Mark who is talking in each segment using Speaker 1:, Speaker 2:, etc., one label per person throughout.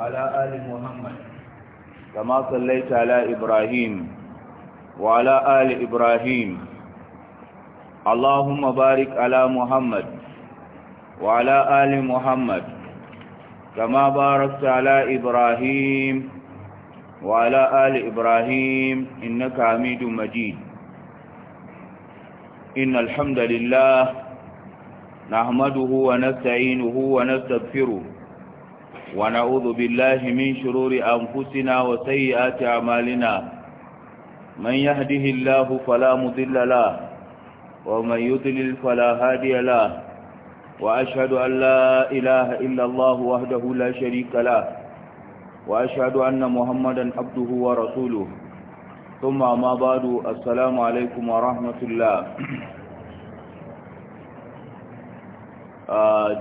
Speaker 1: وعلى آل محمد كما صليت على إبراهيم وعلى آل إبراهيم اللهم بارك على محمد وعلى آل محمد كما باركت على إبراهيم وعلى آل إبراهيم إنك عميد مجيد إن الحمد لله نحمده ونستعينه ونستغفره ونعوذ بالله من شرور أنفسنا وسيئات أعمالنا من يهده الله فلا مضل له ومن يضلل فلا هادي له وأشهد أن لا إله إلا الله وحده لا شريك له وأشهد أن محمدا عبده ورسوله ثم ما بعد السلام عليكم ورحمة الله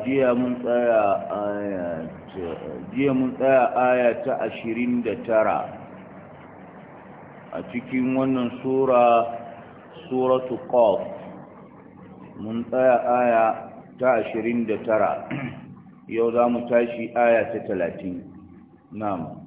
Speaker 1: jiya من tsaya jiya mun tsaya aya ta ashirin da tara a cikin wannan sura suratu qaf mun tsaya aya ta ashirin da tara yau za mu tashi aya ta talatin nam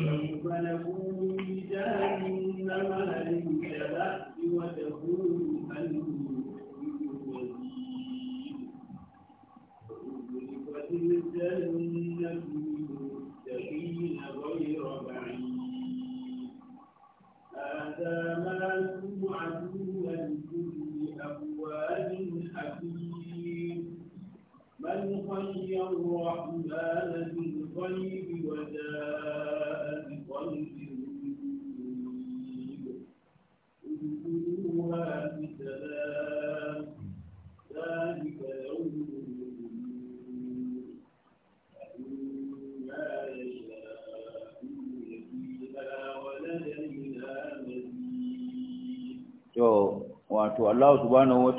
Speaker 2: فله ميزان جهنم للكبائر وتكون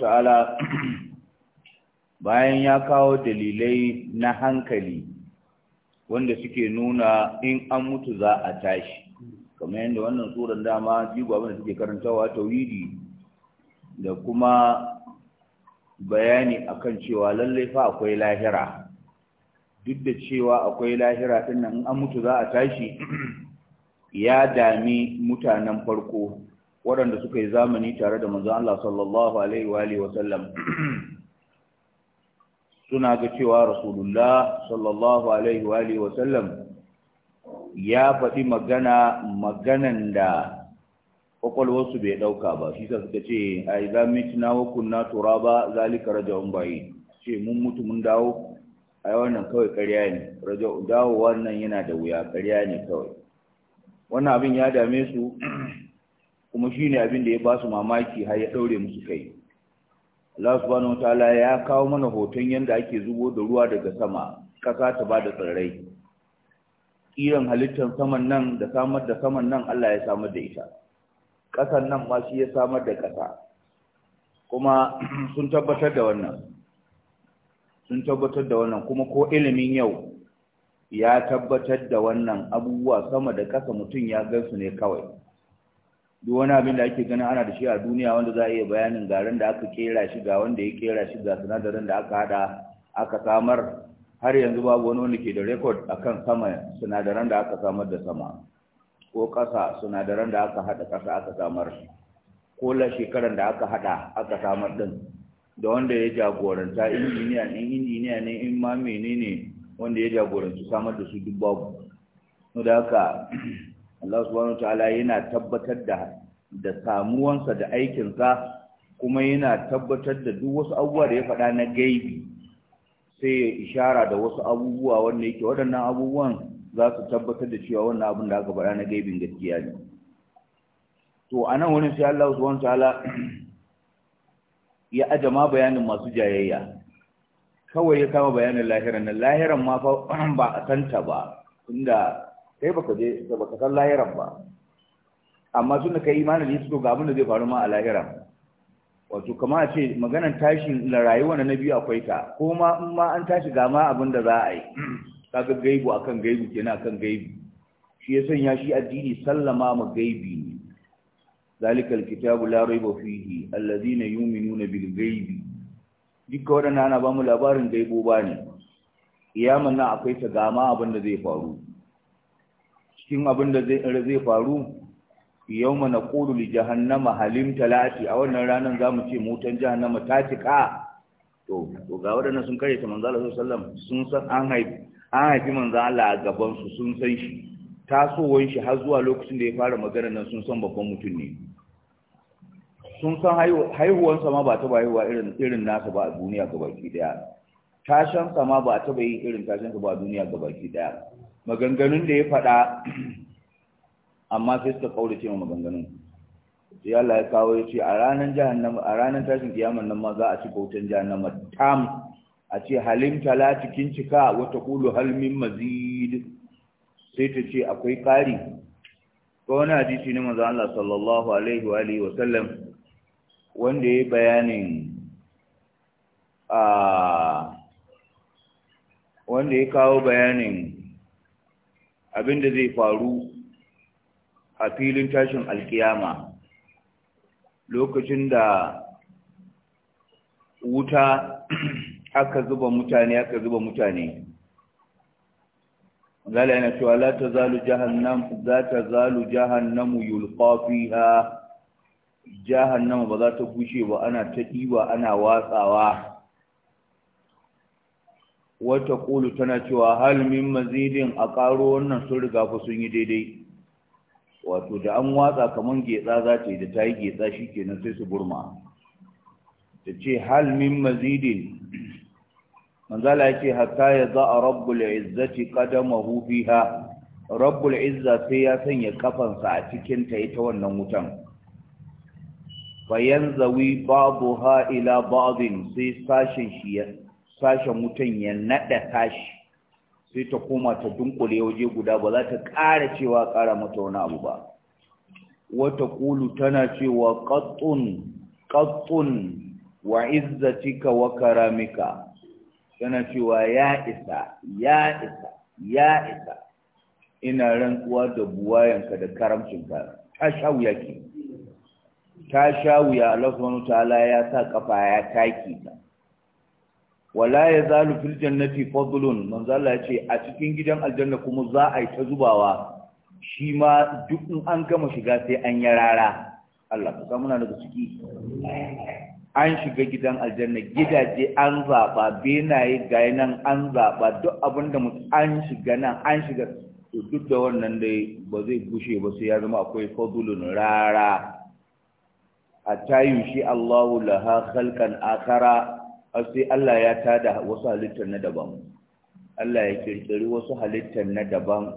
Speaker 1: ta'ala bayan ya kawo dalilai na hankali wanda suke nuna in an mutu za a tashi kamar yadda wannan tsoron dama jigo abinda suke karantawa tauhidi da kuma bayani akan cewa lallai fa akwai lahira duk da cewa akwai lahira sannan in an mutu za a tashi ya dami mutanen farko waɗanda suka yi zamani tare da manzon Allah sallallahu alaihi wa alihi sallam suna ga cewa rasulullah sallallahu alaihi wa alihi sallam ya faɗi magana maganan da kwakwalwarsu bai ɗauka ba shi sa suka ce a idza mitina wa kunna turaba zalika raja'un bayi ce mun mutu mun dawo ai wannan kawai ƙarya ne Rajo, dawo wannan yana da wuya ƙarya ne kawai wannan abin ya dame su kuma shine abin da ya ba su mamaki har ya daure musu kai Allah subhanahu wataala ya kawo mana hoton yanda ake zubo da ruwa daga sama kasa ta ba da tsirrai kiran halittar saman nan da samar da saman nan Allah ya samar da ita ƙasan nan ma shi ya samar da ƙasa kuma sun tabbatar da wannan sun tabbatar da wannan kuma ko ilimin yau ya tabbatar da wannan abubuwa sama da ƙasa mutum ya gansu ne kawai duk wani abin da ake ganin ana da shi a duniya wanda za a iya bayanin garin da aka kera shi ga wanda ya kera shi ga sinadarin da aka hada aka samar har yanzu babu wani wanda ke da rekod akan sama sinadaran da aka samar da sama ko ƙasa sinadaran da aka hada ƙasa aka samar ko la shekaran da aka hada aka samar din da wanda ya jagoranta injiniya ne injiniya ne in ma menene wanda ya jagoranci samar da su duk babu da haka Allah subhanahu wataala yana tabbatar da da samuwansa da aikinsa kuma yana tabbatar da duk wasu abubuwa da ya faɗa na gaibi sai ya ishara da wasu abubuwa wanda yake waɗannan abubuwan za su tabbatar da cewa wannan abin da aka faɗa na gaibin gaskiya ne to a nan sai Allah subhanahu wataala ya ajama bayanin masu jayayya kawai ya kama bayanin lahiran nan lahiran ma ba a tanta ba inda kai baka je da baka san lahiran ba amma tun da kai imanin da to ga da zai faru ma a lahira wato kama a ce maganar tashin rayuwa na biyu akwai ta ko ma in ma an tashi ga ma abin da za a yi kaga gaibu akan gaibu kenan akan gaibu shi ya sanya shi addini sallama ma gaibi ne zalika alkitabu la raiba fihi alladhina yu'minuna bil gaibi dukkan wadannan ana ba mu labarin gaibo ba ne iyaman nan akwai ta gama abin da zai faru cikin abin da zai faru yau mana ƙudu li jahannama halim talati a wannan ranar za mu ce motan jahannama ta cika to ga waɗannan sun karyata, ta manzo Allah sallam sun san an haifi an haifi manzo Allah a gaban su sun san shi tasowar shi har zuwa lokacin da ya fara magana nan sun san babban mutum ne sun san haihuwansa ma ba ta ba haihuwa irin irin nasa ba a duniya gabaki daya shan ma ba ta bayi yin irin tashansa ba a duniya gabaki daya maganganun da ya faɗa amma sai suka kaure ma maganganun sai Allah ya kawo ya ce a ranar jahannama a ranar tashin kiyamar nan ma za a ci bautan jahannama tam a ce halim tala cikin cika wata kulu halmin mazid sai ta ce akwai ƙari ko wani hadisi ne manzo Allah sallallahu alaihi wa alihi wa sallam wanda ya bayanin a ah, wanda ya kawo bayanin abinda zai faru a filin tashin alkiyama lokacin da wuta aka zuba mutane aka zuba mutane zala yana cewa la ta zalu jahannam za ta zalu jahannamu yulqa fiha jahannamu ba za ta bushe ba ana ta ɗiba ana watsawa wata ƙulu tana cewa halmin mazidin a ƙaro wannan sun riga fa sun yi daidai wato da an watsa kamar getsa za ta yi da ta yi getsa shi kenan sai su burma ta ce halmin mazidin manzala ya ce hatta ya za a rabbul izzati qadamahu fiha rabbul izza sai ya sanya kafansa a cikin ta ita wannan wutan bayan zawi babu ha ila babin, sai sashin shi sashen wutan ya naɗa tashi sai ta koma ta dunkule waje guda ba za ta ƙara cewa ƙara mata wani abu ba wata ƙulu tana cewa ƙatsun ƙatsun wa izzatika wa karamika tana cewa ya isa ya isa ya isa ina rantsuwa da buwayanka da karamcinka ta sha wuya ke ta sha wuya Allah subhanahu ta'ala ya sa kafa ya taki ta wala ya zalu fil jannati fadlun manzo Allah yace a cikin gidan aljanna kuma za a yi ta zubawa shi ma duk in an gama shiga sai an yi rara Allah ka samu na daga ciki an shiga gidan aljanna gidaje an zaba benaye ga nan an zaba duk abinda mutum an shiga nan an shiga duk da wannan dai ba zai gushe ba sai ya zama akwai fadlun rara a tayu shi Allahu laha khalqan akhara sai Allah ya tada wasu halittar na daban Allah ya kirkiri wasu halittar na daban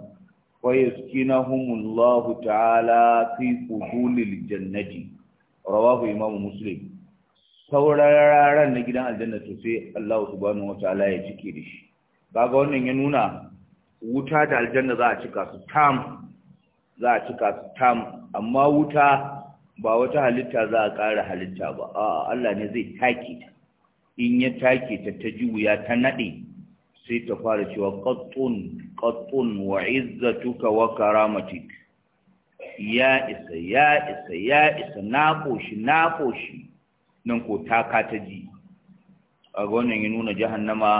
Speaker 1: wa yaskinahumullahu ta'ala fi qulul jannati rawahu imam muslim sauraron na gidan aljanna to sai Allah subhanahu wataala ya cike da shi kaga wannan ya nuna wuta da aljanna za a cika su tam za a cika su tam amma wuta ba wata halitta za a ƙara halitta ba a Allah ne zai take ta in ya take ta ta juya ta nade sai ta fara cewa qattun qattun wa izzatuka wa karamatik ya isa ya isa ya isa na koshi na koshi nan ko ta ka ta ji a ga wannan ya nuna jahannama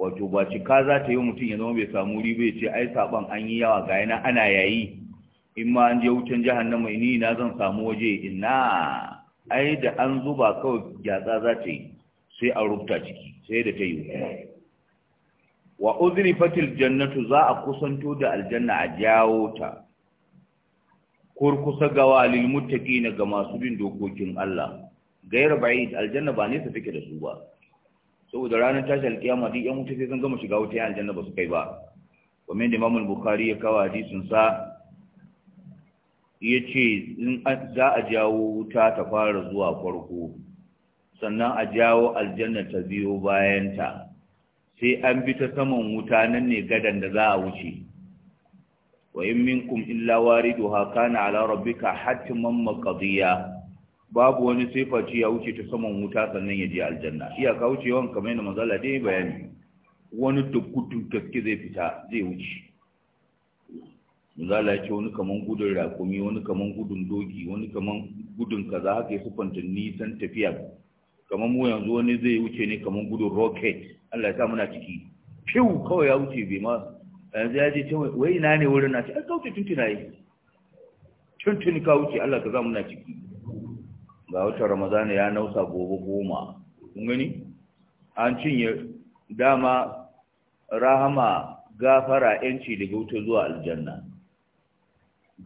Speaker 1: wato ba ka za ta yi mutum ya zama bai samu riba ya ce ai saban an yi yawa ga yana ana yayi in ma an je wucin jahannama ni na zan samu waje ina ai da an zuba kawai gyatsa za ta yi sai a rubuta ciki sai da ta yi wa fatil jannatu za a kusanto da aljanna a jawo ta kurkusa ga walil muttaqina ga masu bin dokokin Allah gairu ba'id aljanna ba nesa take da su ba saboda ranar tashi alkiyama duk yan wuta sai sun gama shiga wuta aljanna ba su kai ba kuma da Imam Bukhari ya kawo hadisin sa yace in za a jawo wuta ta fara zuwa farko sannan a jawo aljanna ta biyo bayanta sai an bi ta saman wuta nan ne gadan da za a wuce wa in minkum illa wariduha kana ala rabbika hatman maqdiya babu wani sifaci ya wuce ta saman wuta sannan ya je aljanna wuce wannan kamar yadda mazala dai bayani wani dukkutun gaske zai fita zai wuce mazala ya ce wani kaman gudun rakumi wani kaman gudun doki wani kaman gudun kaza haka ya sufanta nisan tafiya kamar mu yanzu wani zai wuce ne kamar gudun rocket Allah ya sa muna ciki fiw kawai ya wuce bai ma yanzu ya je ce wai ina ne wurin na ce an kauce tuntuna yi tuntuni ka wuce Allah ka za muna ciki ga wata ramazana ya nausa gobe goma kun gani an cinye dama rahama gafara yanci daga wuta zuwa aljanna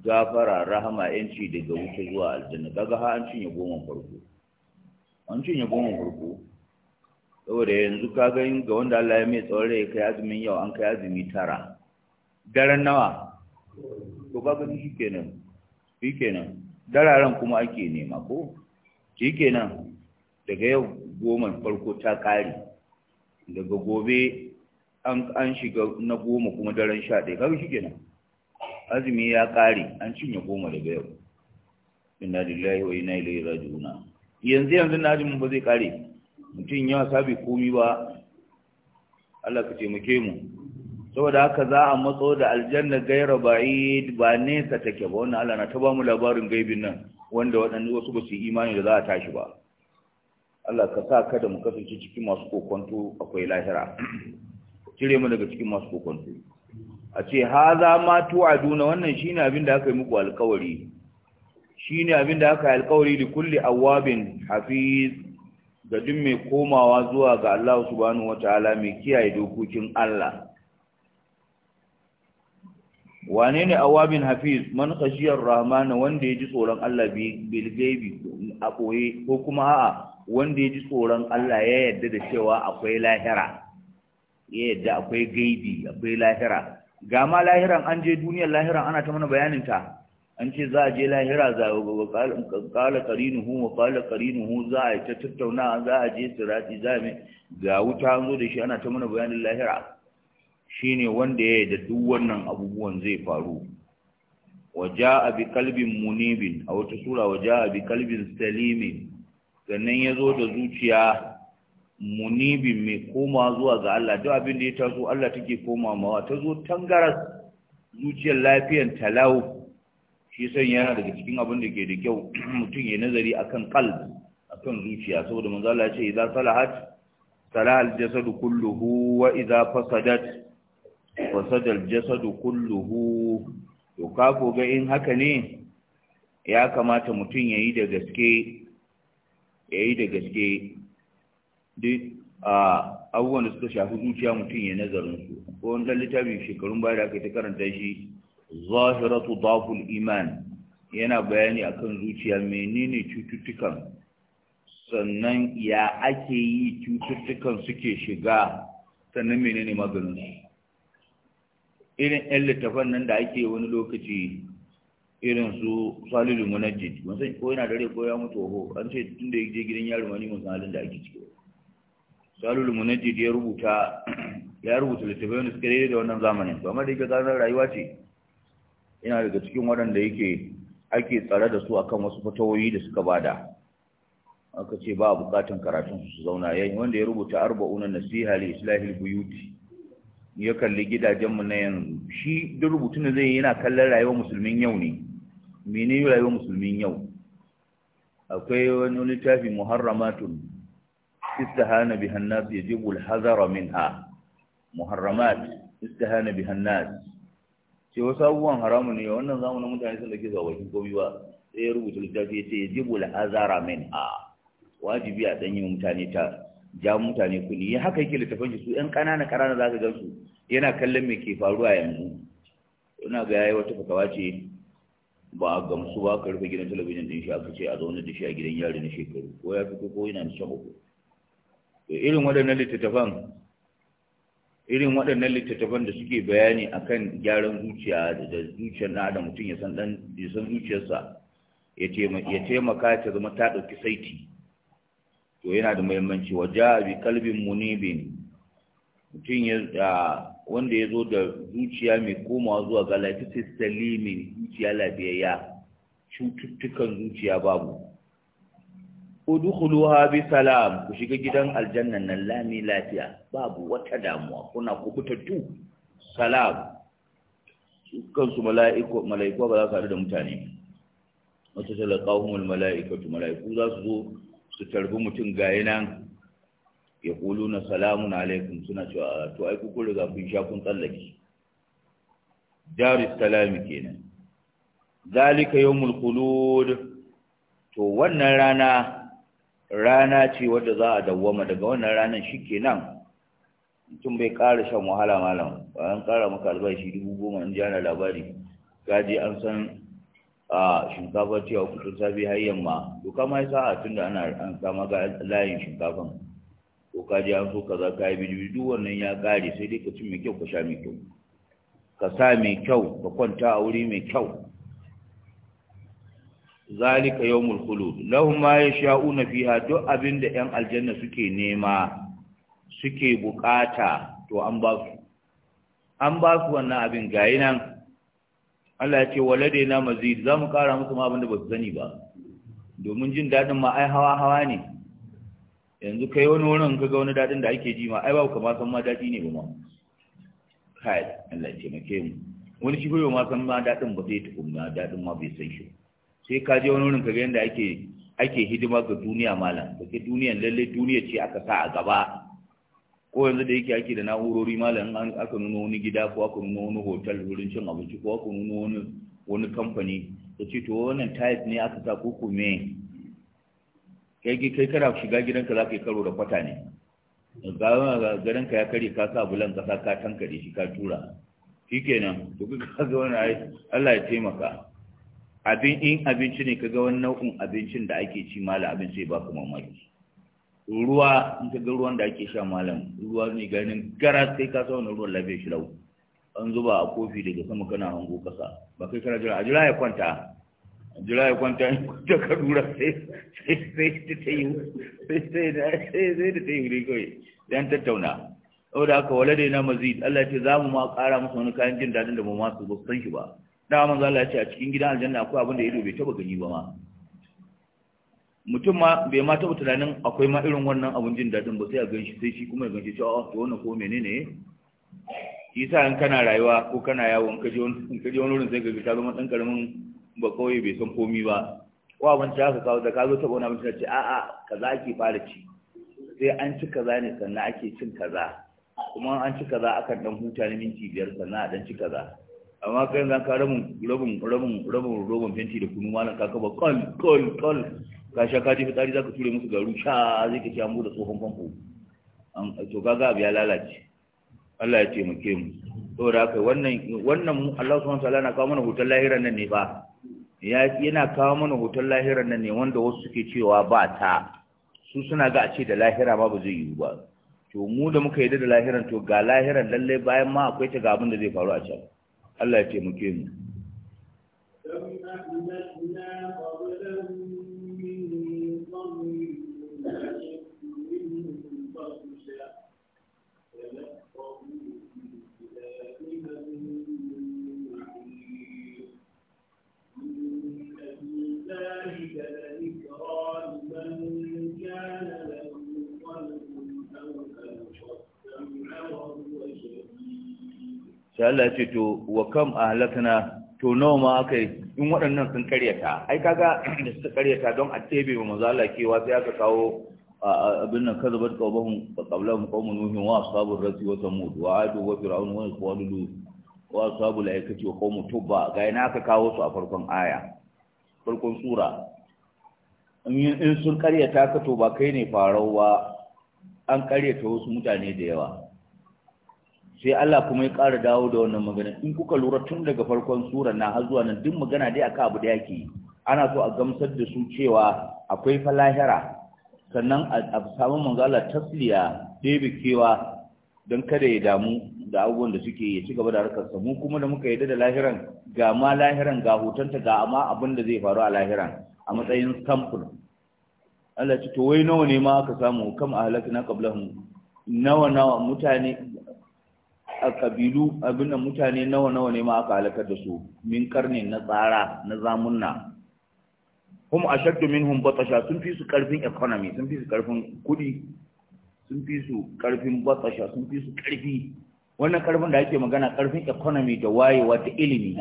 Speaker 1: gafara rahama yanci daga wuta zuwa aljanna kaga ha an cinye goma farko an cinye goma farko saboda yanzu ka yin ga wanda Allah ya mai tsawon rai kai azumin yau an kai azumi tara daren nawa to ba ga shi kenan shi kenan dararen kuma ake nema ko shi kenan daga yau goma farko ta kare daga gobe an shiga na goma kuma daren sha ɗaya kawai shi kenan azumi ya kare an cinye goma daga yau inna lillahi wa inna ilaihi raji'una yanzu yanzu na mun ba zai kare mutum yawa sabi komi ba Allah ka taimake mu saboda haka za a matso da aljanna gaira ba'id ba nesa take ba wannan Allah na ta ba mu labarin gaibin nan wanda waɗanda wasu ba su imani da za a tashi ba Allah ka sa kada mu kasance cikin masu kokonto akwai lahira cire mu daga cikin masu kokonto a ce haza ma tu'aduna wannan shine abin da aka yi muku alkawari Shi ne abin da aka alƙawari da kulle awabin hafiz ga duk mai komawa zuwa ga Allah subhanahu ta'ala mai kiyaye dokokin Allah wane ne awabin hafiz man khashiyar rahman wanda ya ji tsoron Allah bil gaibi a ko kuma a'a wanda ya ji tsoron Allah ya yarda da cewa akwai lahira ya yarda akwai gaibi akwai lahira ga ma lahiran an je duniyar lahiran ana ta mana bayanin ta an ce za a je lahira za a kala hu wa kala hu? za a ta tattauna za a je sirati za a mai ga wuta an zo da shi ana ta mana bayanin lahira shi ne wanda ya yi da duk wannan abubuwan zai faru wa a bi kalbin munibin a wata sura wa a bi kalbin salimin sannan ya zo da zuciya munibin mai koma zuwa ga Allah duk abin da ya taso Allah take koma mawa ta zo tangaras zuciyar lafiyar talau shi san yana daga cikin abin da ke da kyau mutum ya nazari akan qalb kan zuciya saboda manzo Allah ya ce idza salahat salahal jasadu kulluhu wa idza fasadat fasadal jasadu kulluhu to ka ga in haka ne ya kamata mutum ya yi da gaske ya da gaske duk abubuwan da suka shafi zuciya mutum ya nazarin su ko wani ɗan littafin shekarun baya da aka yi ta karanta shi zahiratu daful iman yana bayani akan zuciya menene cututtukan sannan ya ake yi cututtukan suke shiga sannan menene maganin su? irin yan littafan nan da ake wani lokaci irin su salilu munajjid mun san ko yana dare ko ya mutu ho an ce tun da je gidan yaro mani mun san da ake ciki salilu munajjid ya rubuta ya rubuta littafai da suka da wannan zamanin to amma da yake zanar rayuwa ce yana daga cikin waɗanda yake ake tsare da su akan wasu fatawoyi da suka bada aka ce ba a bukatan karatun su zauna yayin wanda ya rubuta arba'una nasiha li islahil buyuti ya kalli gidajen mu na yanzu shi duk rubutun da zai yana kallon rayuwar musulmin yau ne mene rayuwar musulmin yau akwai wani littafi muharramatun istihana bihan nas yajibu al-hazara minha muharramat istihana bihan nas ce wasu abubuwan haramun ne wannan zamanin mutane sun da ke zuwa bakin komi ba sai ya rubuta littafi ya ce ya jibu la'azara min a wajibi a ɗanyen mutane ta ja mutane kuni ya haka yake littafan shi su ƴan ƙanana ƙanana za ka gan su yana kallon me ke faruwa yanzu ina ga yayi wata fatawa ce ba a gamsu ba ka rufe gidan talabijin din shi aka ce a zaune da shi a gidan yari na shekaru ko ya fito ko yana da shan irin waɗannan littattafan irin waɗannan littattafan da suke bayani akan gyaran zuciya da zuciyar na da mutum ya san zuciyarsa ya taimaka ta zama ta ɗauki saiti to yana da muhimmanci wa ja bi kalbin munibin mutum ya wanda ya zo da zuciya mai komawa zuwa ga lafisis salimin zuciya lafiyayya cututtukan zuciya babu udkhuluha bi salam ku shiga gidan aljannan nan lami lafiya babu wata damuwa kuna kubutattu salam kansu mala'iku mala'iku ba za su haɗu da mutane wata talaqahumul mala'ikatu mala'iku za su zo su tarbi mutum gaya nan ya kulu na salamun alaikum suna cewa to ai kun riga kun sha kun tsallake jaris salami kenan zalika yawmul qulud to wannan rana rana ce wadda za a dawwama daga wannan ranar shi kenan mutum bai ƙara shan wahala malam ba an ƙara maka albashi dubu goma in jana labari gaji an san a shinkafa a kusur safi har yamma to ma ya sa'a tun da ana an sama ga layin shinkafan ko kaji an so ka za ka yi bidiyo duk wannan ya ƙare sai dai ka ci mai kyau ka sha mai kyau ka sa mai kyau ka kwanta a wuri mai kyau zalika yawmul khulud lahum ma yasha'una fiha duk da yan aljanna suke nema suke bukata to an ba su an ba su wannan abin gayi nan Allah ya ce waladaina mazid za mu kara musu ma abinda ba su sani ba domin jin dadin ma ai hawa hawa ne yanzu kai wani wurin ka ga wani dadin da ake ji ma ai ba ka ma san ma dadi ne ba ma kai Allah ya ce mu wani shi bai ma san ma dadin ba zai tukunna dadin ma bai san shi ba sai ka je wani wurin ka ga yadda ake ake hidima ga duniya malam da ke duniyan lalle duniya ce aka sa a gaba ko yanzu da yake ake da na'urori malam an aka nuno wani gida ko aka nuno wani hotel wurin cin abinci ko aka nuno wani wani kamfani ya ce to wannan tiles ne aka sa ko me kai kai kana shiga gidanka za ka yi karo da kwata ne garin ka ya kare ka sa bulan kasa ka tankare shi ka tura shikenan to kaga wannan Allah ya taimaka abin in abinci ne kaga wani nau'in abincin da ake ci malam abin sai ba ku mamaki ruwa in ga ruwan da ake sha malam ruwa ne ganin gara sai ka sa wannan ruwan lafiya shi lau an zuba a kofi daga sama kana hango kasa ba kai kana jira a jira ya kwanta a jira ya kwanta in kwanta
Speaker 2: ka dura sai sai da ta yi sai sai da
Speaker 1: ta yi ne kawai dan tattauna saboda haka wala dai na mazid Allah ya ce za mu ma ƙara musu wani kayan jin daɗin da mu ma su san shi ba da manzo Allah ya ce a cikin gidan aljanna akwai abin da ido bai taba gani ba ma mutum ma bai ma taba tunanin akwai ma irin wannan abun jin dadin ba sai a ganshi sai shi kuma ya ganshi cewa oh, to wannan ko menene yasa in kana rayuwa ko kana yawo in kaje wani in kaje wani wurin sai ka ga ta zama dan karamin ba kawai bai san komi ba ko abin da ka kawo da ka zo taba wani abin da ce a'a kaza ake fara ci sai an ci kaza ne sannan ake cin kaza kuma an ci kaza akan dan huta ne minti biyar sannan a dan ci kaza amma kai zan ka rabin rabin rabin rabin rabin fenti da kunu malam ka kaba kol kol kol ka sha ka ji fitsari zaka ture musu garu sha zai ka ci an tsohon famfo an to kaga abu ya lalace Allah ya taimake mu saboda haka wannan wannan Allah subhanahu wataala na kawo mana hoton lahiran nan ne ba ya yana kawo mana hoton lahiran nan ne wanda wasu suke cewa ba ta su suna ga a ce da lahira ma ba zai yiwu ba to mu da muka yi da lahiran to ga lahiran lallai bayan ma akwai ta ga abin da zai faru a can Allah ya taimake mu Allah ya ce to wa kam ahlakna to nawa ma aka yi in waɗannan sun karyata ai kaga da suka karyata don a tebe ma manzo Allah kewa sai aka kawo abin nan kazabat qawmuhum qablahum qawmun nuhin wa ashabur rasi wa samud wa adu wa fir'aun wa qawlu wa ashabul aykati wa qawmu tubba ga ina aka kawo su a farkon aya farkon sura in sun karyata ka to ba kai ne farau ba an karyata wasu mutane da yawa sai Allah kuma ya ƙara dawo da wannan magana in kuka lura tun daga farkon sura na har zuwa nan duk magana dai aka abu da yake ana so a gamsar da su cewa akwai falahira sannan a samu manzo Allah tasliya ɗebe kewa don kada ya damu da abubuwan da suke ya ci gaba da harkarsa mu kuma da muka yadda da lahiran ga ma lahiran ga hotonta ga amma abin da zai faru a lahiran a matsayin samfur Allah ce to wai nawa ne ma aka samu kam ahlakna qablahum nawa nawa mutane a ƙabilu, abin da mutane nawa nawa ne ma aka halakar da su min karni na tsara na zamunna hum ashaddu minhum batasha sun fi su karfin economy sun fi su karfin kudi sun fi su karfin batasha sun fi su karfi wannan karfin da ake magana karfin economy da wayewa ta ilimi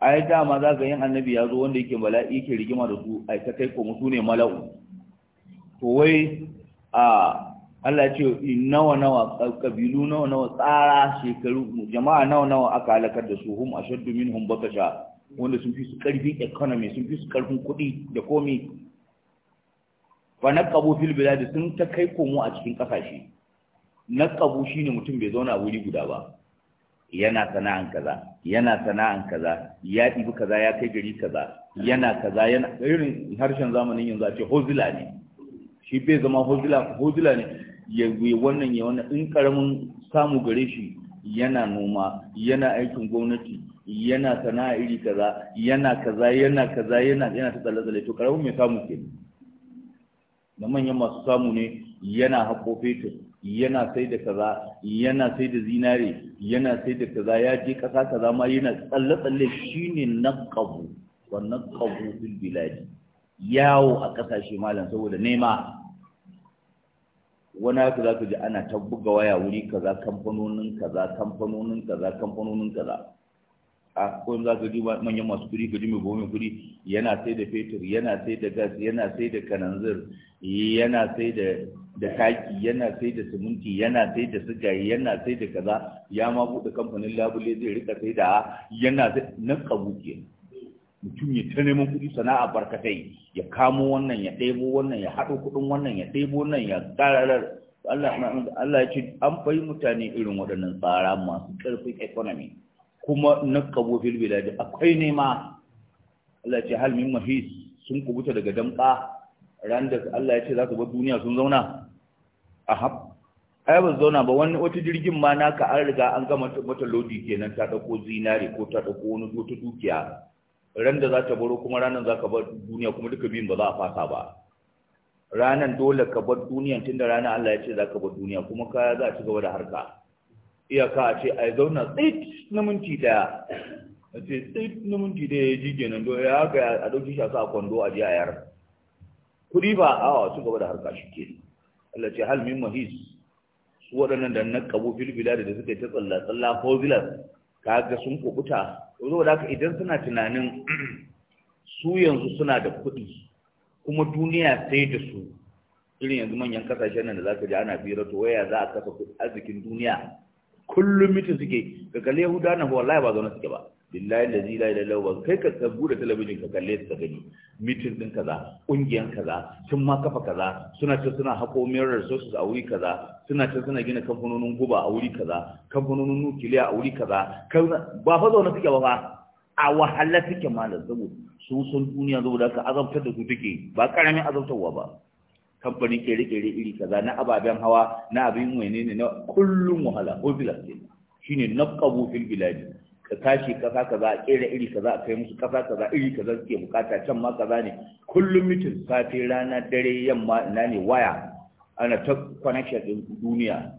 Speaker 1: ai dama za ga yin annabi ya zo wanda yake bala'i ke rigima da su ai ta kai ko musu ne mala'u to wai a Allah ce nawa nawa kabilu nawa nawa tsara shekaru jama'a nawa nawa aka halakar da su hum ashaddu minhum bakasha wanda sun fi su karfin economy sun fi su karfin kuɗi da komi fa naqabu fil bilad sun ta kai komo a cikin kasashe naqabu shine mutum bai zauna wuri guda ba yana sana'an kaza yana sana'an kaza ya ɗibi kaza ya kai gari kaza yana kaza yana irin harshen zamanin yanzu a ce hozila ne shi bai zama hozila hozila ne ya wannan ya wannan in karamin samu gare shi yana noma yana aikin gwamnati yana sana'a iri kaza yana kaza yana kaza yana yana ta tsalle tsalle to karamin mai samu ke da manyan masu samu ne yana haƙo fetur yana sai da kaza yana sai da zinare yana sai da kaza ya je ƙasa kaza ma yana tsalle tsalle shine naqabu wa naqabu fil biladi yawo a ƙasashe malam saboda nema wani haka za ka ji ana ta buga waya wuri kaza kamfanonin kaza kamfanonin kaza kamfanonin kaza a koyon za ka ji manyan masu kuri ka ji mai gome kuri yana sai da fetur yana sai da gas yana sai da kananzir yana sai da da taki yana sai da siminti yana sai da sigaye yana sai da kaza ya ma bude kamfanin labule zai rika sai da yana sai na kabuke
Speaker 2: mutum ya ta neman
Speaker 1: kuɗi sana'a barkatai ya kamo wannan ya ɗebo wannan ya haɗo kuɗin wannan ya ɗebo wannan, ya ƙararar Allah ya ce an fai mutane irin waɗannan tsara masu ƙarfin economy kuma na kabo filbila da akwai nema Allah ya ce halmin mahis sun kubuta daga damƙa ran da Allah ya ce za su bar duniya sun zauna a hab ai ba zauna ba wani wata jirgin ma naka an riga an gama mata lodi kenan ta ɗauko zinare ko ta ɗauko wani wata dukiya ran da za ta baro kuma ranar za ka bar duniya kuma duka biyun ba za a fasa ba ranar dole ka bar duniya tunda ranar Allah ya ce za ka bar duniya kuma kaya za a ci gaba da harka iyaka a ce ai zauna tsit na minti daya a ce tsit na minti daya ya jige nan don ya haka a ɗauki shi a sa kwando a ji a yar kuɗi ba a wa ci gaba da harka shi ke Allah ce hal min mahis su waɗannan da na kabo filfila da suka yi ta tsalla tsalla ko vilas kaga sun kubuta zo da idan suna tunanin su yanzu suna da kuɗi kuma duniya sai da su irin yanzu manyan kasashen nan da za ka ji ana fira to waya za a kasa arzikin duniya kullum mutum suke ga kalle yahuda na wallahi ba zaune suke ba billahi da la ilaha illa kai ka tsabu da talabijin ka kalle su ka gani mitin din kaza kungiyan kaza sun ma kafa kaza suna ta suna hako mineral resources a wuri kaza suna ta suna gina kamfanonin guba a wuri kaza kamfanonin nukiliya a wuri kaza ba fa zaune suke ba fa a wahala suke malam saboda sun san duniya da ka azabtar da su take ba karamin azabtarwa ba kamfanin kere-kere iri kaza na ababen hawa na abin wene ne na kullum wahala ko bilas ne shine naqabu fil biladi ka tashi kasa kaza a kera iri kaza a kai musu kasa kaza iri kaza suke bukata can ma kaza ne kullum mitin safe rana dare yamma ina ne waya ana ta connection din duniya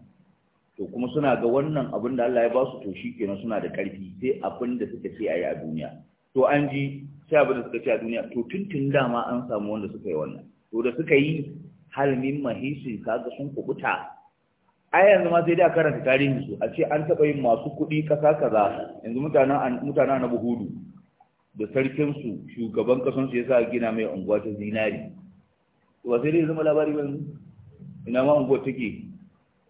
Speaker 1: to kuma suna ga wannan abin da Allah ya ba su to kenan suna da ƙarfi. sai abin da suka ce ayi a duniya to an ji sai abin da suka ce a duniya to tuntun dama an samu wanda suka yi wannan to da suka yi hal min mahisi kaga sun kubuta ai yanzu ma sai dai a karanta tarihin su a ce an taɓa yin masu kuɗi kasa kaza yanzu mutanen mutanen na buhudu da sarkin su shugaban kasan su yasa gina mai unguwa ta zinari ba sai dai zama labari ba ina ma unguwa take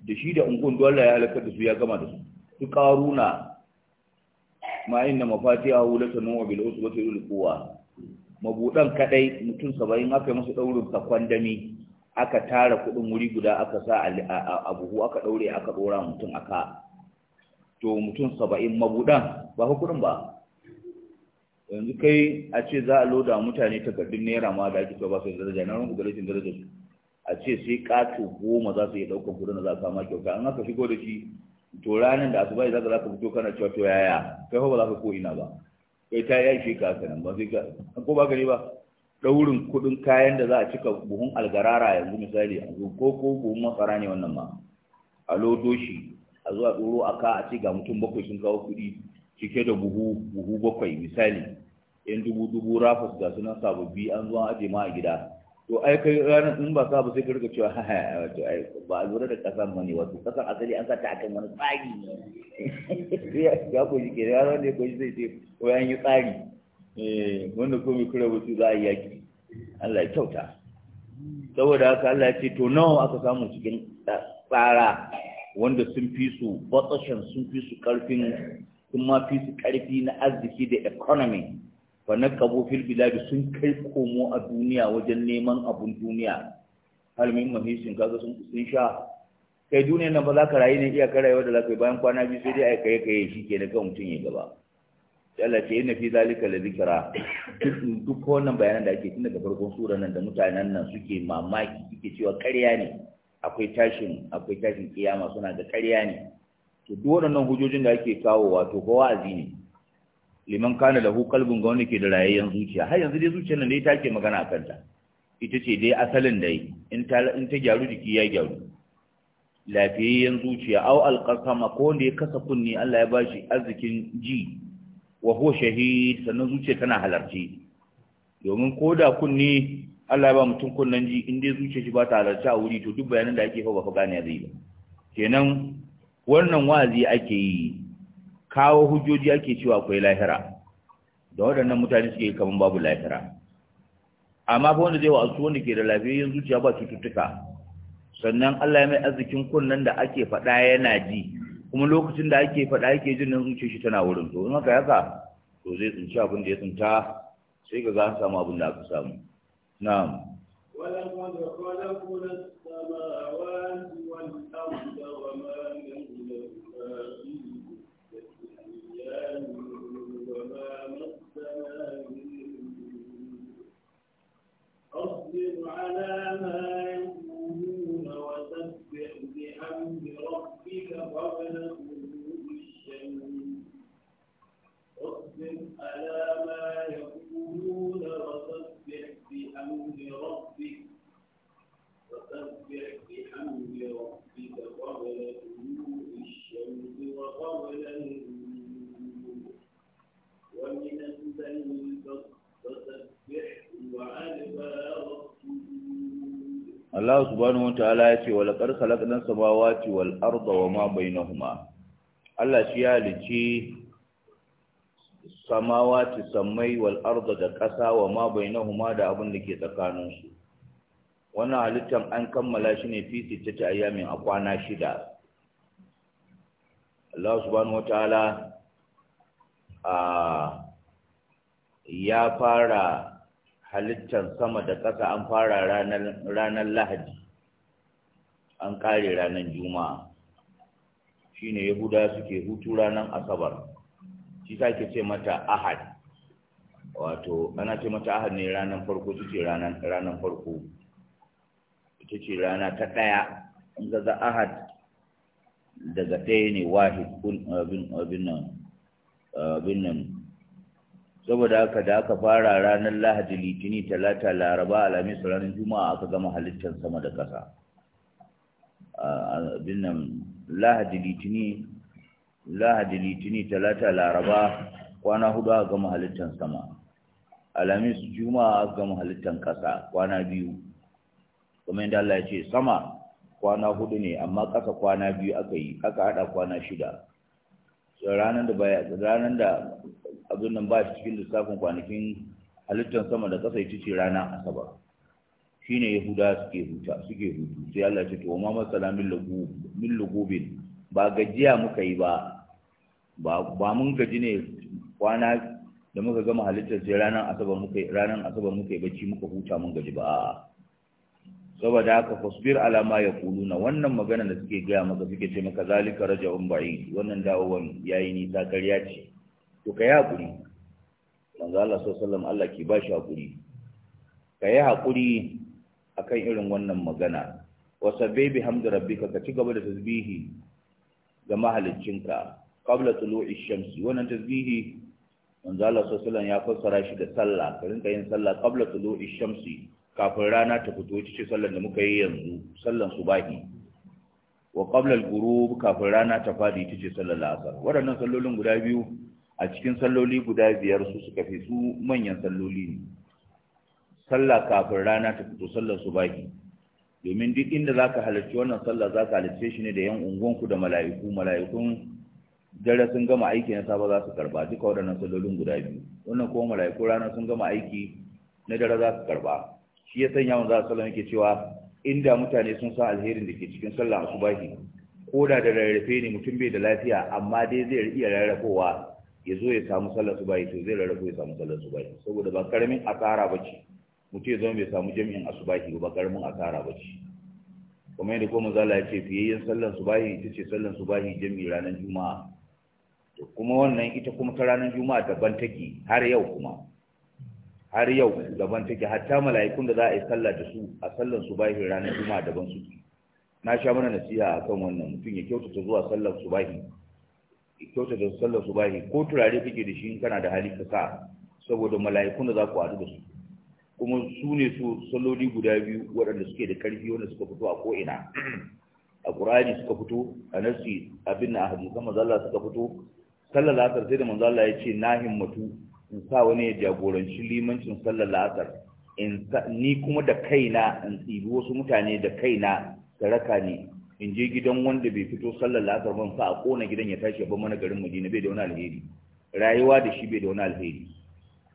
Speaker 1: da shi da unguwan dole ya halaka da su ya gama da su su karuna ma inna mafatiha hulata nuwa bil usbati lil quwa mabudan kadai mutum 70 aka yi musu daurin takwandami. aka tara kuɗin wuri guda aka sa a buhu aka ɗaure aka ɗora mutum aka to mutum saba'in mabudan ba kuɗin ba yanzu kai a ce za a loda mutane takardun naira ma da ake ba su daraja na ranku garejin daraja a ce sai ƙato goma za su yi ɗaukar kuɗin da za a sama kyauta an aka shigo da shi to ranar da asuba za ka za ka fito kana cewa to yaya kai ba za ka ko ina ba kai ta yi aiki ka sanan ba sai ka ko ba gari ba ɗaurin kuɗin kayan da za a cika buhun algarara yanzu misali yanzu ko ko buhun masara ne wannan ma a lodo shi a zuwa tsoro a ka a ce ga mutum bakwai sun kawo kuɗi cike da buhu buhu bakwai misali yan dubu dubu rafus ga sunan sababbi an zuwa aje ma a gida to ai kai ranar in ba sa ba sai ka rika cewa ha ha wato ai ba a lura da kasan ba ne wato kasan asali an sa ta akan wani tsari ne ko shi ke ranar ne shi zai ce ko an yi tsari eh wanda komai kura wasu, za a yaki Allah ya kyauta saboda haka Allah ya ce to nawa aka samu cikin tsara wanda sun fi su batsashen sun fi su karfin sun ma fi su karfi na arziki da economy fa na kabo fil biladi sun kai komo a duniya wajen neman abun duniya hal mafi mahishin kaga sun sun sha kai duniya nan ba za ka rayu ne iyakar rayuwa da za ka yi bayan kwana biyu sai dai a kai kai shi ke da kan mutum ya gaba Allah ce inna fi zalika la zikra duk wannan bayanan da ake tunda daga farkon sura nan da mutanen nan suke mamaki suke cewa ƙarya ne akwai tashin akwai tashin kiyama suna da ƙarya ne to duk wannan hujojin da ake kawo wato ko wa'azi ne liman kana lahu qalbun ga wanda ke da rayayyen zuciya har yanzu dai zuciyar nan dai ke magana a kanta. ita ce dai asalin dai in ta in ta gyaru jiki ya gyaru lafiyayyen zuciya au alqasama ko wanda ya kasa kunni Allah ya bashi arzikin ji wa huwa shahid sannan zuciya tana halarci domin ko da kunni Allah ya ba mutum kunnan ji in dai zuciya shi ba ta halarci a wuri to duk bayanan da ake fa ba fa gane zai ba kenan wannan wazi ake yi kawo hujjoji ake cewa akwai lahira da waɗannan mutane suke kaman babu lahira amma fa wanda zai wa asu wanda ke da lafiyayyen zuciya ba cututtuka sannan Allah ya mai arzikin kunnen da ake faɗa yana ji kuma lokacin da ake faɗa yake jin nan zuciyar shi tana wurin to in haka yaka to zai tsinci abin da ya tsinta sai ga a samu abin da aka samu na'am
Speaker 2: ولقد خلقنا السماوات والأرض
Speaker 1: Allah subhanahu wataala ya ce wa laqad khalaqna samawati wal arda wa ma bainahuma Allah shi ya halici samawati samai wal arda da ƙasa wa ma bainahuma da abin da ke tsakanin su wannan halittar an kammala shi ne fi sittati ayamin a kwana shida Allah subhanahu ta'ala a ya fara halittar sama da ƙasa an fara ranar lahadi an ƙare ranar juma'a shi ne yahuda suke hutu ranar asabar shi ke ce mata ahad wato ana ce mata ahad ne ranar farko su ce ranar farko ita ce rana ta ɗaya in ga ahad daga ɗaya ne wahid abin nan saboda haka da aka fara ranar lahadi litini talata laraba alhamis ranar juma'a aka gama halittar sama da ƙasa abin nan lahadi litini lahadi litini talata laraba kwana hudu aka gama halittar sama alhamis juma'a aka gama halittar ƙasa kwana biyu kuma yadda Allah ya ce sama kwana hudu ne amma ƙasa kwana biyu aka yi aka haɗa kwana shida ranar da baya ranar da abin nan ba shi cikin lissafin kwanakin halittar sama da ƙasa ita ce rana asaba shine yahuda suke huta suke hutu sai Allah ya ce to ma masala min min lugubin ba gajiya muka yi ba ba mun gaji ne kwana da muka gama halittar sai ranar asabar muka ranar asabar muka yi bacci muka huta mun gaji ba saboda haka fasbir ala ma yaquluna wannan magana da suke gaya maka suke ce maka zalika raja'un ba'id wannan dawowan yayi nisa kariya ce to kai hakuri manzo Allah sallallahu Allah ki ba shi hakuri kai hakuri akan irin wannan magana wa sabbi hamdu rabbika ka ci gaba da tasbihi ga ka. qabla tulu'i shamsi wannan tasbihi manzo Allah sallallahu ya fassara shi da sallah ka rinka yin sallah qabla tulu'i shamsi kafin rana ta fito ce sallar da muka yi yanzu sallar subahi wa qablal ghurub kafin rana ta fadi ce sallar asar waɗannan sallolin guda biyu a cikin salloli guda biyar su suka fi su manyan salloli ne sallah kafin rana ta fito sallar subahi domin duk inda zaka halarci wannan sallah zaka halarce shi ne da yan unguwanku da mala'iku mala'ikun dare sun gama aiki na saba za su karba duka waɗannan sallolin guda biyu wannan kuma mala'iku rana sun gama aiki na dare za su karba shi ya sanya wanzu sallallahu alaihi yake cewa inda mutane sun san alherin da ke cikin sallah a subahi ko da da rarrafe ne mutum bai da lafiya amma dai zai iya rarrafowa ya zo ya samu sallar subahi to zai rarrafo ya samu sallar subahi saboda ba karamin asara ce, mutum ya zama bai samu jami'in asubahi ba karamin asara ce. kuma yadda ko manzo Allah ya ce fiyayyen sallar subahi ita ce sallar subahi jami'i ranar juma'a to kuma wannan ita kuma ta ranar juma'a daban take har yau kuma har yau daban take hatta mala'ikun da za a yi sallah da su a sallan su bahi ranar juma'a daban su na sha mana nasiha akan wannan mutum ya kyautata zuwa sallar su bahi kyautata sallar su bahi ko turare kake da shi kana da hali ka sa saboda mala'ikun da za ku haɗu da su kuma su ne su salloli guda biyu waɗanda suke da ƙarfi wanda suka fito a ko'ina a ƙur'ani suka fito a nasi abin na ahadu kama zalla suka fito sallar lasar sai da manzo Allah ya ce na himmatu in sa wani ya jagoranci limancin sallar la'asar ni kuma da kaina in tsibi wasu mutane da kaina da raka ni in je gidan wanda bai fito sallar la'asar ban sa a kona gidan ya tashi ban mana garin madina bai da wani alheri rayuwa da shi bai da wani alheri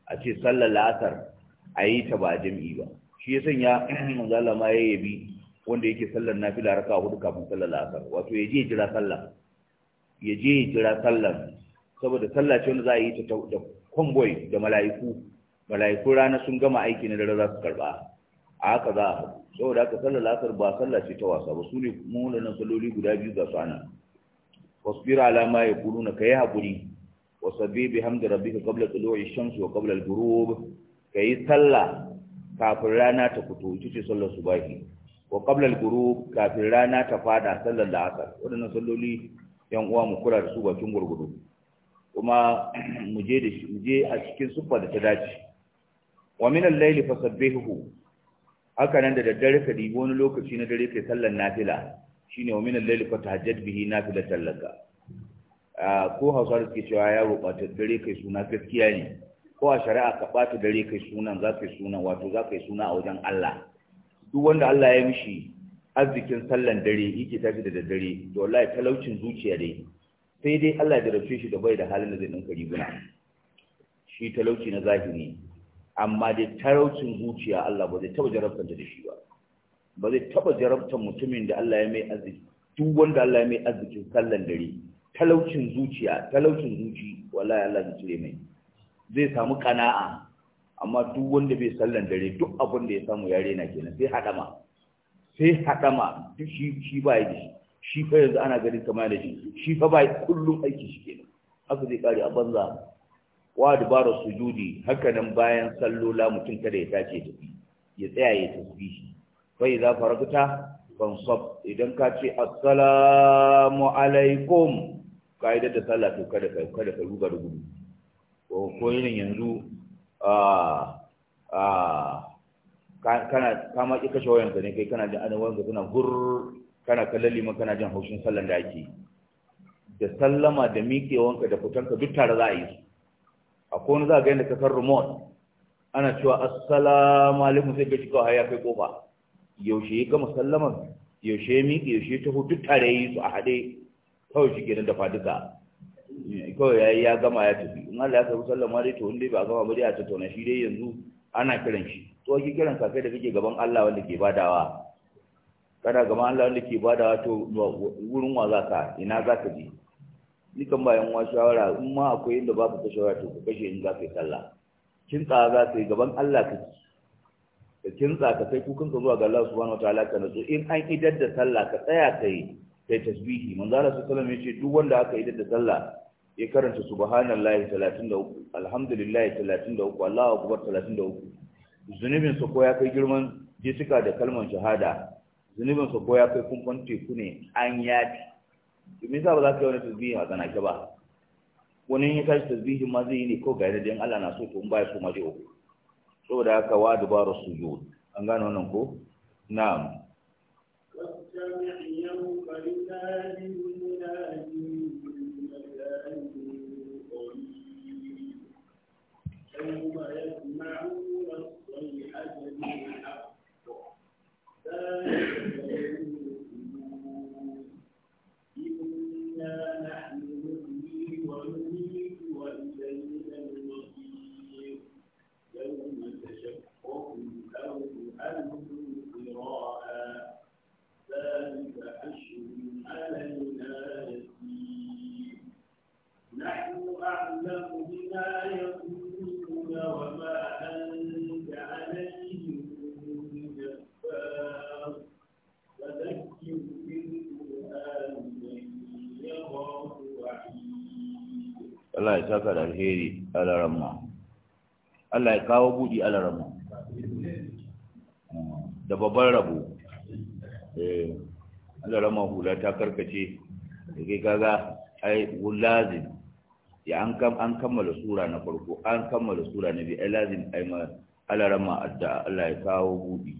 Speaker 1: a ce sallar la'asar a yi ta ba a jam'i ba shi ya sanya manzo Allah ma ya yabi wanda yake sallar nafila raka hudu kafin sallar la'asar wato ya je jira sallar ya je jira sallar. saboda sallah ce wanda za a yi ta konvoy da mala'iku mala'iku rana sun gama aiki na dare za su karba a haka za a saboda haka sallar lasar ba sallah ce ta wasa ba su ne mulanan saloli guda biyu ga su ana wasbira ala ma yaquluna kayi hakuri wa sabbi bihamdi rabbika qabla tulu'i shamsi wa qabla al-ghurub kayi sallah kafin rana ta fito ita ce sallar subahi wa qabla al-ghurub kafin rana ta fada sallar la'asar wadannan salloli yan uwa mu kura da su bakin gurgudu kuma mu je da shi a cikin sufa da ta dace wa min al-layli fasabbihu haka nan da daddare ka dibi wani lokaci na dare kai sallar nafila shine wa min al-layli fatahajjat bihi nafila tallaka ko hausa da suke cewa yaro ɓata dare kai suna gaskiya ne ko a shari'a ka ɓata dare kai sunan za ka yi sunan wato za ka yi suna a wajen Allah duk wanda Allah ya mishi arzikin sallan dare yake tashi da daddare to wallahi talaucin zuciya dai sai dai Allah ya jarabce shi da bai da halin da zai ɗinka riguna shi talauci na zahiri amma dai talaucin zuciya Allah ba zai taɓa jarabta da shi ba ba zai taɓa jarabta mutumin da Allah ya mai arziki duk wanda Allah ya mai arzikin sallan dare talaucin zuciya talaucin zuci wallahi Allah ya cire mai zai samu kana'a amma duk wanda bai sallan dare duk abin da ya samu ya rena kenan sai hadama sai hadama duk shi shi ba yi da shi shi fa yanzu ana ganin kama da shi shi fa bai kullum aiki shi kenan haka zai kare a banza wa dubara sujudi haka nan bayan sallola mutum kada ya tace tafi ya tsaya ya tasbihi fa idza ban sab idan ka ce assalamu alaikum kaida da sallah to kada ka kada ka ruga da gudu ko ko yanzu a a kana kama ki kashe wayanka ne kai kana da ana wayanka suna gurr kana kallon liman kana jin haushin sallan da ake da sallama da miƙewanka da fitanka duk tare za a yi akwai wani za a ga da kasar remote ana cewa assalamu alaikum sai ka shi kawai ya kai kofa yaushe ya gama sallamar yaushe ya miƙe yaushe ta Duk tare ya yi su a haɗe kawai shi kenan da faduka kawai ya ya gama ya tafi in Allah ya karbi sallama dai to wanda ba gama ba dai a tattauna shi dai yanzu ana kiran shi to ake kiran ka kai da kake gaban Allah wanda ke badawa kana gama Allah wanda ke bada wato wurin wa zaka ina zaka je ni kan bayan wa shawara in ma akwai inda babu ka shawara to ka kashe in za yi sallah kin tsaya za ka yi gaban Allah ci ka tsaya ka kai kukan ka zuwa ga Allah subhanahu wataala ka nazo in an idar da sallah ka tsaya yi kai tasbihi manzo Allah sallallahu alaihi wasallam ce, duk wanda aka idar da sallah ya karanta subhanallahi 33 alhamdulillahi 33 Allahu akbar 33 zunubin sa ko ya kai girman jisika da kalmar shahada zunubin su ko ya kai kumfan teku ne an yafi domin sa ba za ka yi wani tasbihi a zanake ba wani ya tashi tasbihi ma zai yi ne ko ga yadda Allah na so to in ba ya so ma zai uku saboda haka wa dubaru yi an gane wannan ko na'am
Speaker 2: والجمع يوم لله yi.
Speaker 1: saka da alheri alaramma Allah ya kawo buɗi Alarama. da babban rabo eh alaramma hula ta karkace da kai kaga ai lazim ya an kam an kammala sura na farko an kammala sura na biyu ai ai ma alaramma adda Allah ya kawo buɗi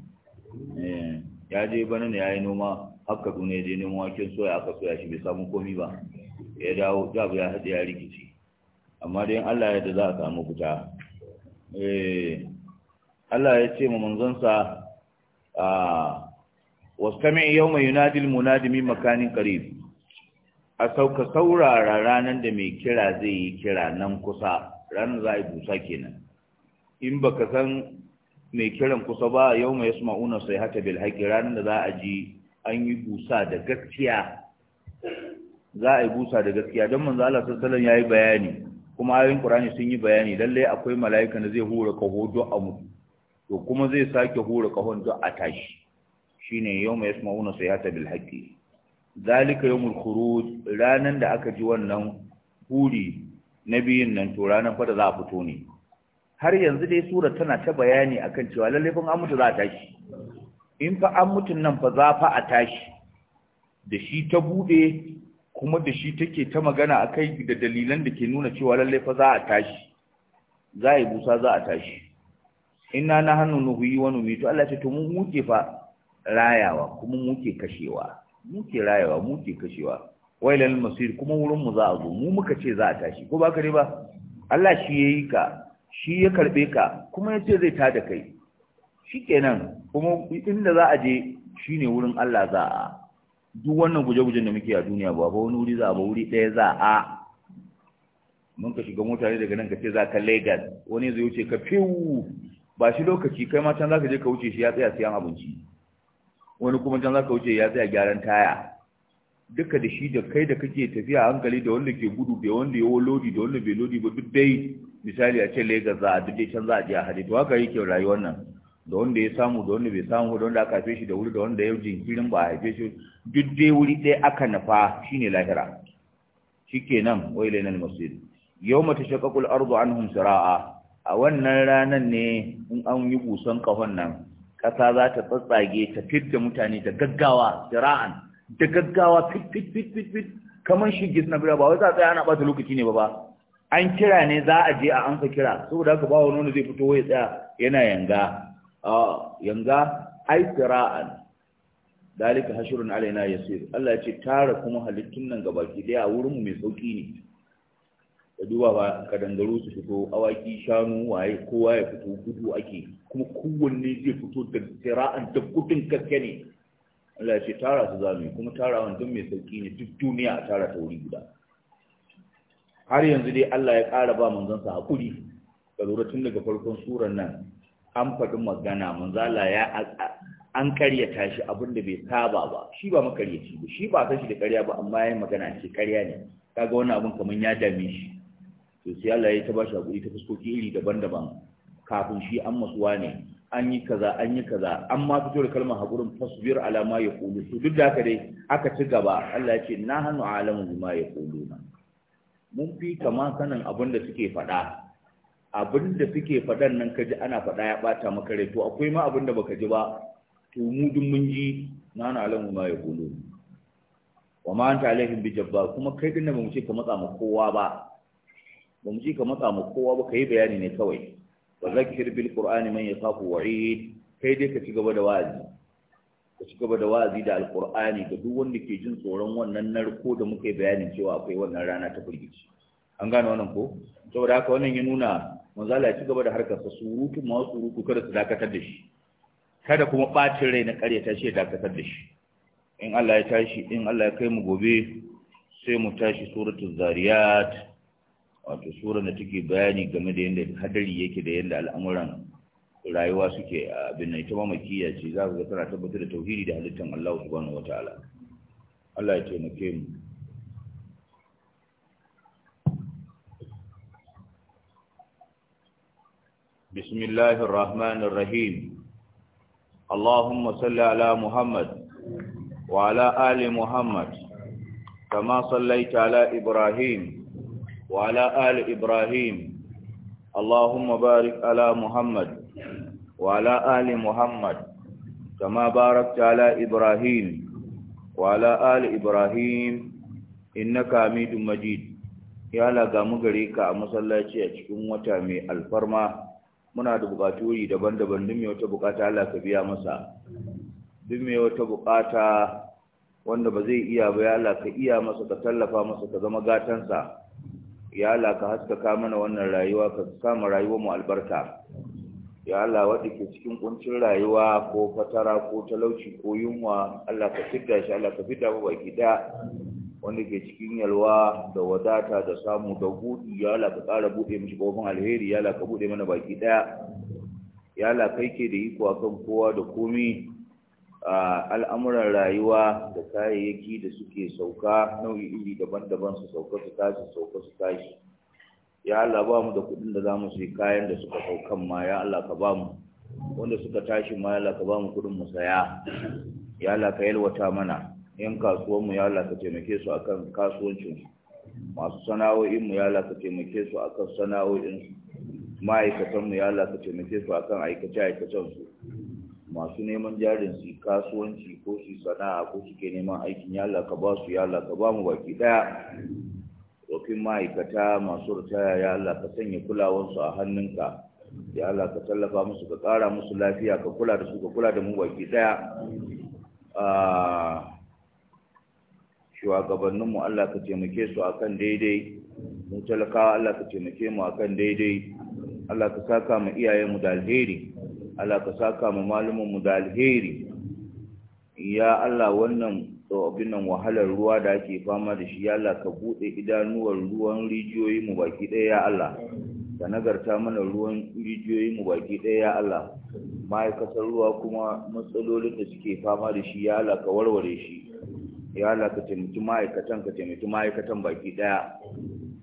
Speaker 1: eh ya je bana ne yayi noma haka duniya je mu wakin soya aka soya shi bai samu komi ba ya dawo jabu ya haɗe ya rikici amma dai in Allah ya da za a samu guda eh Allah ya ce mu sa a ah, wasami yawma yunadil munadi min makanin qarib a sauka saurara ranar da mai kira zai yi kira nan kusa ranar za a yi kenan in baka san mai kiran kusa ba yau mai yasma'una sai hata bil haqi ranar da za a ji an yi busa da gaskiya za a yi busa da gaskiya don manzo Allah sallallahu alaihi wasallam yayi bayani kuma ayoyin Qur'ani sun yi bayani lalle akwai mala'ika da zai hura kaho duk a mutu to kuma zai sake hura kahon duk a tashi shine yawma yasma'una sayata bil haqqi zalika yawmul khuruj ranan da aka ji wannan huri nabiyin nan to ranan fa da za a fito ne har yanzu dai sura tana ta bayani akan cewa lalle fa an mutu za a tashi in fa an mutun nan fa za fa a tashi da shi ta bude kuma da shi take ta magana a kai da dalilan da ke nuna cewa lallai fa za a tashi za a yi busa za a tashi ina na hannu nuhuyi wani mito Allah ce to mu muke fa rayawa kuma muke kashewa muke rayawa muke kashewa wailal masir kuma wurin mu za a zo mu muka ce za a tashi ko baka ne ba Allah shi yayi ka shi ya karbe ka kuma yace zai tada kai shikenan kuma inda za a je shine wurin Allah za a duk wannan guje-gujen da muke a duniya ba ba wani wuri za a ba wuri ɗaya za a mun ka shiga mota ne daga nan ka ce za ka Legas. wani zai wuce ka fiwu ba shi lokaci kai ma can za ka je ka wuce shi ya tsaya siyan abinci wani kuma can za ka wuce ya tsaya gyaran taya duka da shi da kai da kake tafiya a hankali da wanda ke gudu da wanda ya lodi da wanda bai lodi ba duk dai misali a ce Legas za a duk dai can za a je a hade to haka yake rayuwar nan da wanda ya samu da wanda bai samu da wanda aka haife shi da wuri da wanda ya jinkirin ba a haife shi duk dai wuri ɗaya aka shi shine lahira shikenan wai lainal masjid yawma tashaqqaqul an anhum sira'a a wannan ranar ne in an yi busan ƙahon nan Ƙasa za ta tsatsage ta fitta mutane da gaggawa sira'an da gaggawa fit fit fit fit fit kamar shi na bira ba wai za a tsaya ana bata lokaci ne ba ba an kira ne za a je a amsa kira saboda haka ba wani wanda zai fito ya tsaya yana yanga a yanga aitira'an dalika hashurun alaina yasir Allah ya ce tara kuma halittun nan ga baki daya a wurin mu mai sauki ne ka duba ba ka dangaro su fito awaki shanu waye kowa ya fito gudu ake kuma kowanne zai fito da tira'an da kudin kaske ne Allah ya ce tara su zame, kuma tara wannan mai sauki ne duk duniya a tara ta wuri guda har yanzu dai Allah ya ƙara ba manzon sa hakuri ka lura tun daga farkon surar nan an faɗi magana manzala ya an karyata shi abin da bai saba ba shi ba makaryaci ba shi ba san shi da karya ba amma yayin magana ce karya ne kaga wannan abin kamar ya dame shi to sai Allah ya ta bashi hakuri ta fuskoki iri daban-daban kafin shi an masuwa ne an yi kaza an yi kaza an ma fito da kalmar hakurin fasbir ala ma yaqulu to duk da haka dai aka ci gaba Allah ya ce na hanu alamu kulu yaquluna mun fi kama sanin abin da suke faɗa abin da suke faɗan nan kaji ana faɗa ya ɓata maka rai to akwai ma abin da baka ji ba to mu duk mun ji na na alamu ma ya gulo wa ma anta alaihim bijabba kuma kai din ba mu ce ka matsa ma kowa ba ba mu ce ka matsa ma kowa ba kai bayani ne kawai wa zakir bil qur'ani man yakhafu wa'id kai dai ka ci gaba da wa'azi ka ci gaba da wa'azi da alqur'ani ga duk wanda ke jin tsoron wannan narko da muke bayanin cewa akwai wannan rana ta burgici an gane wannan ko saboda haka wannan ya nuna manzo Allah ya ci gaba da harkarsa surutu ma surutu kada su dakatar da shi kada kuma bacin rai na ta shi ya dakatar da shi in Allah ya tashi in Allah ya kai mu gobe sai mu tashi suratul zariyat wato sura da take bayani game da yadda hadari yake da yadda al'amuran rayuwa suke abin nan ita ya ce za ku ga tana tabbatar da tauhidi da halittar Allah subhanahu wataala Allah ya taimake mu بسم الله الرحمن الرحيم اللهم صل على محمد وعلى آل محمد كما صليت على إبراهيم وعلى آل إبراهيم اللهم بارك على محمد وعلى آل محمد كما باركت على إبراهيم وعلى آل إبراهيم إنك حميد مجيد ya laga mu gare ka a masallaci a cikin wata mai alfarma muna da bukatori daban-daban duk mai wata bukata Allah ka biya masa duk mai wata bukata wanda ba zai iya ba ya Allah ka iya masa ka tallafa masa ka zama gatansa ya Allah ka haskaka mana wannan rayuwa ka samu rayuwar mu albarka ya Allah wanda ke cikin kuncin rayuwa ko fatara ko talauci ko yunwa Allah ka fitar shi Allah ka fitar mu baki da wanda ke cikin yalwa da wadata da samu da gudu ya laka kara bude mishi kofin alheri ya laka bude mana baki daya ya laka ke da iko a kan kowa da komi a al'amuran rayuwa da kayayyaki da suke sauka nau'i iri daban-daban su sauka su tashi sauka su tashi ya Allah ba mu da kuɗin da za mu sai kayan da suka saukan ma ya Allah ka ba mu wanda suka tashi ma ya Allah ka ba mu kuɗin mu saya ya Allah ka yalwata mana yan kasuwanmu ya Allah ka taimake su akan kasuwancinsu masu sana'o'inmu ya Allah ka taimake su akan sana'o'insu ma'aikatanmu ya Allah ka taimake su akan aikace-aikacensu masu neman jarin su kasuwanci ko su sana'a ko suke neman aikin ya Allah ka ba su ya Allah ka ba mu baki daya tsofin ma'aikata masu ritaya ya Allah ka sanya kulawansu a hannunka ya Allah ka tallafa musu ka ƙara musu lafiya ka kula da su ka kula da mu baki daya ah, shugabanninmu Allah ka taimake su akan daidai mu talakawa Allah ka taimake mu akan daidai Allah ka saka mu iyayenmu da alheri Allah ka saka mu malumin mu da alheri ya Allah wannan abin nan wahalar ruwa da ake fama da shi ya Allah ka bude idanuwar ruwan rijiyoyi mu baki ɗaya ya Allah ka nagarta mana ruwan rijiyoyinmu baki ɗaya ya Allah ma'aikatar ruwa kuma matsalolin da suke fama da shi ya Allah ka warware shi ya Allah ka taimaki ma'aikatan ka taimaki ma'aikatan baki daya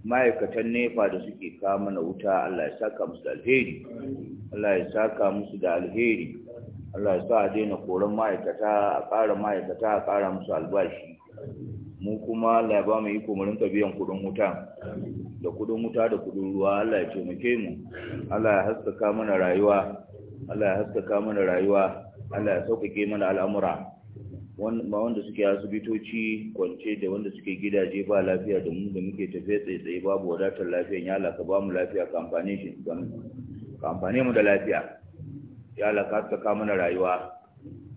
Speaker 1: ma'aikatan nefa da suke kama mana wuta Allah ya saka musu da alheri Allah ya saka musu da alheri Allah ya sa a daina koran ma'aikata a ƙara ma'aikata a ƙara musu albashi mu kuma Allah ya ba mu iko mu rinka biyan kuɗin wuta da kuɗin wuta da kuɗin ruwa Allah ya taimake mu Allah ya haskaka mana rayuwa Allah ya haskaka mana rayuwa Allah ya sauƙaƙe mana al'amura ma wanda suke asibitoci kwance da wanda suke gidaje ba lafiya da mu da muke tafiye tsaye babu wadatar lafiyan ya laka ba mu lafiya kamfani shi mu da lafiya ya laka ta ka mana rayuwa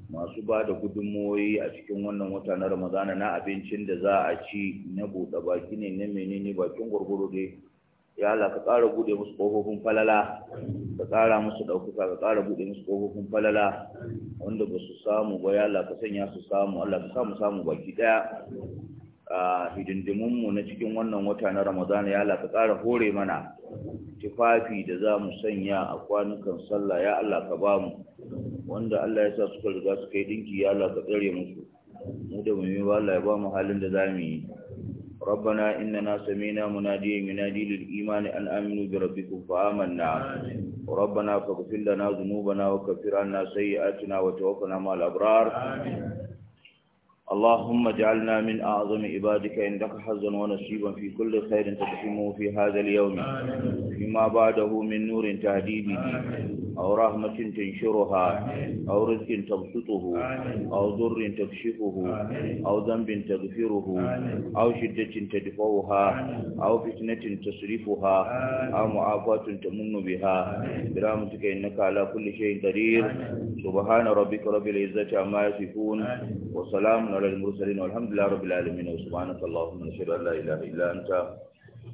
Speaker 1: masu ba da gudunmoyi a cikin wannan wata na ramadana na abincin da za a ci na buɗe baki ne na menene bakin gwargwaro dai ya Allah ka ƙara buɗe musu ƙofofin falala ka ƙara musu ɗaukuka ka ƙara buɗe musu ƙofofin falala wanda ba su samu ba ya Allah ka sanya su samu Allah ka samu samu baki ɗaya a hidindimunmu na cikin wannan wata na ramadana ya Allah ka ƙara hore mana tufafi da za mu sanya a kwanukan sallah ya Allah ka ba mu wanda Allah ya sa suka riga suka yi dinki ya Allah ka tsare musu mu da mu yi Allah ya ba mu halin da za mu yi ربنا إننا سمينا مناديا منادي للإيمان أن آمنوا بربكم فآمنا ربنا فاغفر لنا ذنوبنا وكفر عنا سيئاتنا وتوفنا مع الأبرار اللهم اجعلنا من أعظم عبادك عندك حظا ونصيبا في كل خير تقسمه في هذا اليوم فيما بعده من نور تهدي به أو رحمة تنشرها أو رزق تبسطه أو ضر تكشفه أو ذنب تغفره أو شدة تدفعها أو فتنة تصرفها أو معافاة تمن بها برحمتك إنك على كل شيء قدير سبحان ربك رب العزة عما يصفون وسلام على المرسلين والحمد لله رب العالمين وسبحانك اللهم نشهد أن لا إله إلا أنت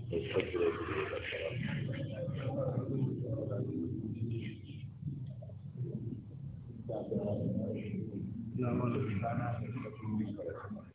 Speaker 1: نستغفرك ونتوب
Speaker 2: إليك Thank